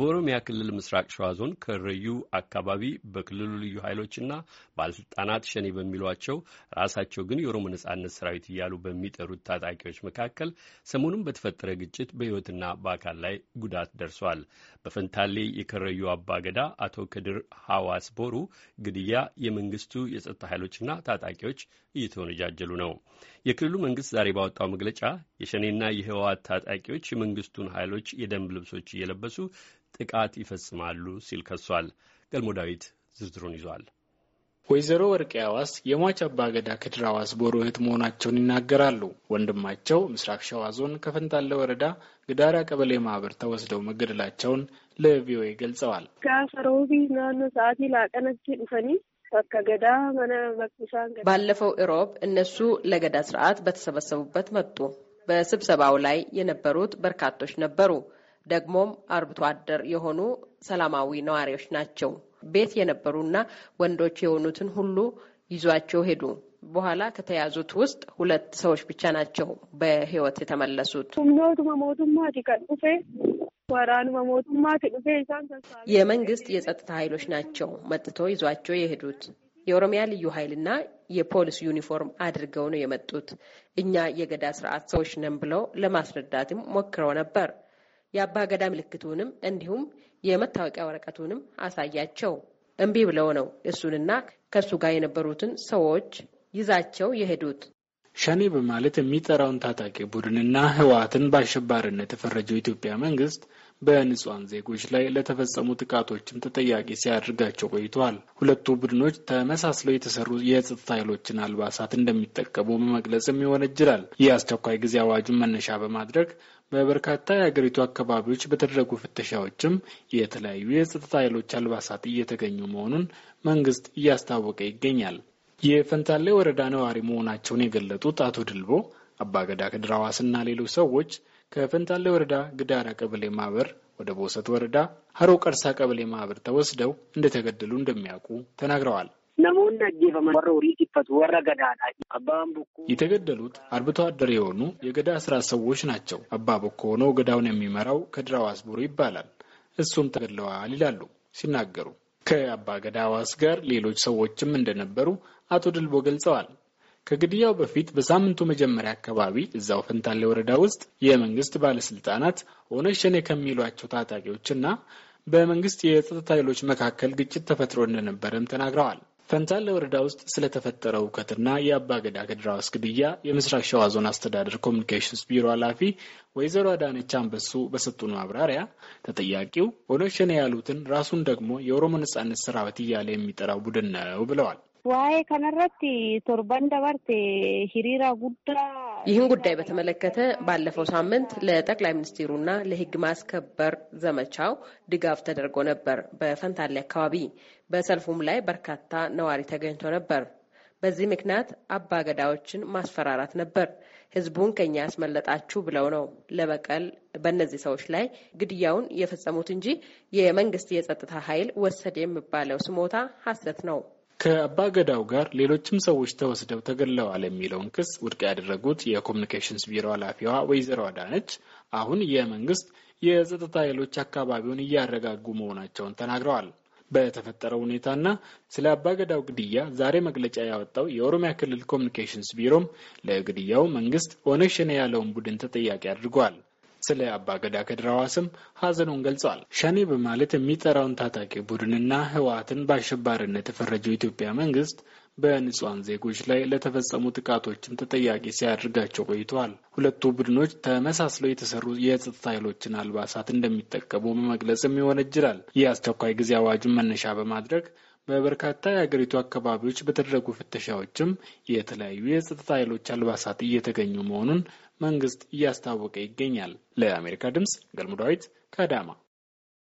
በኦሮሚያ ክልል ምስራቅ ሸዋ ዞን ከረዩ አካባቢ በክልሉ ልዩ ኃይሎችና ባለስልጣናት ሸኔ በሚሏቸው ራሳቸው ግን የኦሮሞ ነጻነት ሰራዊት እያሉ በሚጠሩት ታጣቂዎች መካከል ሰሞኑን በተፈጠረ ግጭት በሕይወትና በአካል ላይ ጉዳት ደርሷል። በፈንታሌ የከረዩ አባገዳ አቶ ክድር ሐዋስ ቦሩ ግድያ የመንግስቱ የጸጥታ ኃይሎችና ታጣቂዎች እየተወነጃጀሉ ነው። የክልሉ መንግስት ዛሬ ባወጣው መግለጫ የሸኔና የህወሓት ታጣቂዎች የመንግስቱን ኃይሎች የደንብ ልብሶች እየለበሱ ጥቃት ይፈጽማሉ ሲል ከሷል። ገልሞ ዳዊት ዝርዝሩን ይዟል። ወይዘሮ ወርቅ አዋስ የሟች አባገዳ ክድር አዋስ ቦሮ እህት መሆናቸውን ይናገራሉ። ወንድማቸው ምስራቅ ሸዋ ዞን ከፈንታለ ወረዳ ግዳራ ቀበሌ ማህበር ተወስደው መገደላቸውን ለቪኦኤ ገልጸዋል። ከሰሮቢ ናኖ ሰዓቲ ላቀነች ዱፈኒ ባለፈው እሮብ እነሱ ለገዳ ስርዓት በተሰበሰቡበት መጡ። በስብሰባው ላይ የነበሩት በርካቶች ነበሩ። ደግሞም አርብቶ አደር የሆኑ ሰላማዊ ነዋሪዎች ናቸው። ቤት የነበሩና ወንዶች የሆኑትን ሁሉ ይዟቸው ሄዱ። በኋላ ከተያዙት ውስጥ ሁለት ሰዎች ብቻ ናቸው በህይወት የተመለሱት። የመንግስት የጸጥታ ኃይሎች ናቸው መጥቶ ይዟቸው የሄዱት። የኦሮሚያ ልዩ ኃይልና የፖሊስ ዩኒፎርም አድርገው ነው የመጡት። እኛ የገዳ ስርዓት ሰዎች ነን ብለው ለማስረዳትም ሞክረው ነበር። የአባገዳ ምልክቱንም እንዲሁም የመታወቂያ ወረቀቱንም አሳያቸው። እምቢ ብለው ነው እሱንና ከእሱ ጋር የነበሩትን ሰዎች ይዛቸው የሄዱት። ሸኔ በማለት የሚጠራውን ታጣቂ ቡድንና ህወሓትን በአሸባሪነት የፈረጀው የኢትዮጵያ መንግስት በንጹሐን ዜጎች ላይ ለተፈጸሙ ጥቃቶችም ተጠያቂ ሲያደርጋቸው ቆይተዋል። ሁለቱ ቡድኖች ተመሳስለው የተሰሩ የጸጥታ ኃይሎችን አልባሳት እንደሚጠቀሙ በመግለጽም ይወነጅላል። የአስቸኳይ ጊዜ አዋጁን መነሻ በማድረግ በበርካታ የአገሪቱ አካባቢዎች በተደረጉ ፍተሻዎችም የተለያዩ የጸጥታ ኃይሎች አልባሳት እየተገኙ መሆኑን መንግስት እያስታወቀ ይገኛል። የፈንታሌ ወረዳ ነዋሪ መሆናቸውን የገለጡት አቶ ድልቦ አባገዳ ከድር ሌሎች ሰዎች ከፈንታሌ ወረዳ ግዳራ ቀበሌ ማህበር ወደ ቦሰት ወረዳ ሀሮ ቀርሳ ቀበሌ ማህበር ተወስደው እንደተገደሉ እንደሚያውቁ ተናግረዋል። የተገደሉት አርብቶ አደር የሆኑ የገዳ ስራ ሰዎች ናቸው። አባ በኮ ሆነው ገዳውን የሚመራው ከድራ አስቡሩ ይባላል። እሱም ተገድለዋል ይላሉ ሲናገሩ ከአባ ገዳ ዋስ ጋር ሌሎች ሰዎችም እንደነበሩ አቶ ድልቦ ገልጸዋል። ከግድያው በፊት በሳምንቱ መጀመሪያ አካባቢ እዛው ፈንታሌ ወረዳ ውስጥ የመንግስት ባለስልጣናት ኦነግ ሸኔ ከሚሏቸው ታጣቂዎችና በመንግስት የጸጥታ ኃይሎች መካከል ግጭት ተፈጥሮ እንደነበረም ተናግረዋል። ፈንታሌ ወረዳ ውስጥ ስለተፈጠረው እውከትና ገዳ ገድራዋስ ግድያ የምስራቅ ሸዋ ዞን አስተዳደር ኮሚኒኬሽንስ ቢሮ ኃላፊ ወይዘሮ አዳነች አንበሱ በሰጡን ማብራሪያ ተጠያቂው ኦነግ ሸኔ ያሉትን ራሱን ደግሞ የኦሮሞ ነጻነት ሰራዊት እያለ የሚጠራው ቡድን ነው ብለዋል። ዋይ ከነረት ቶርባን ደበርቴ ሂሪራ ጉዳ ይህን ጉዳይ በተመለከተ ባለፈው ሳምንት ለጠቅላይ ሚኒስትሩና ለሕግ ማስከበር ዘመቻው ድጋፍ ተደርጎ ነበር። በፈንታሌ አካባቢ በሰልፉም ላይ በርካታ ነዋሪ ተገኝቶ ነበር። በዚህ ምክንያት አባ ገዳዎችን ማስፈራራት ነበር። ህዝቡን ከኛ ያስመለጣችሁ ብለው ነው ለበቀል በእነዚህ ሰዎች ላይ ግድያውን የፈጸሙት እንጂ የመንግስት የጸጥታ ኃይል ወሰድ የሚባለው ስሞታ ሐሰት ነው ከአባገዳው ጋር ሌሎችም ሰዎች ተወስደው ተገድለዋል የሚለውን ክስ ውድቅ ያደረጉት የኮሚኒኬሽንስ ቢሮ ኃላፊዋ ወይዘሮ አዳነች አሁን የመንግስት የጸጥታ ኃይሎች አካባቢውን እያረጋጉ መሆናቸውን ተናግረዋል። በተፈጠረው ሁኔታና ስለ አባገዳው ግድያ ዛሬ መግለጫ ያወጣው የኦሮሚያ ክልል ኮሚኒኬሽንስ ቢሮም ለግድያው መንግስት ኦነግ ሸኔ ያለውን ቡድን ተጠያቂ አድርጓል። ስለ አባገዳ ከድራዋ ስም ሀዘኑን ገልጿል። ሸኔ በማለት የሚጠራውን ታጣቂ ቡድንና ህወሓትን በአሸባሪነት የፈረጀው የኢትዮጵያ መንግስት በንጹሐን ዜጎች ላይ ለተፈጸሙ ጥቃቶችም ተጠያቂ ሲያደርጋቸው ቆይተዋል። ሁለቱ ቡድኖች ተመሳስለው የተሰሩ የጸጥታ ኃይሎችን አልባሳት እንደሚጠቀሙ በመግለጽም ይወነጅላል። አስቸኳይ ጊዜ አዋጁን መነሻ በማድረግ በበርካታ የአገሪቱ አካባቢዎች በተደረጉ ፍተሻዎችም የተለያዩ የጸጥታ ኃይሎች አልባሳት እየተገኙ መሆኑን መንግስት እያስታወቀ ይገኛል። ለአሜሪካ ድምጽ ገልሙ ዳዊት ከአዳማ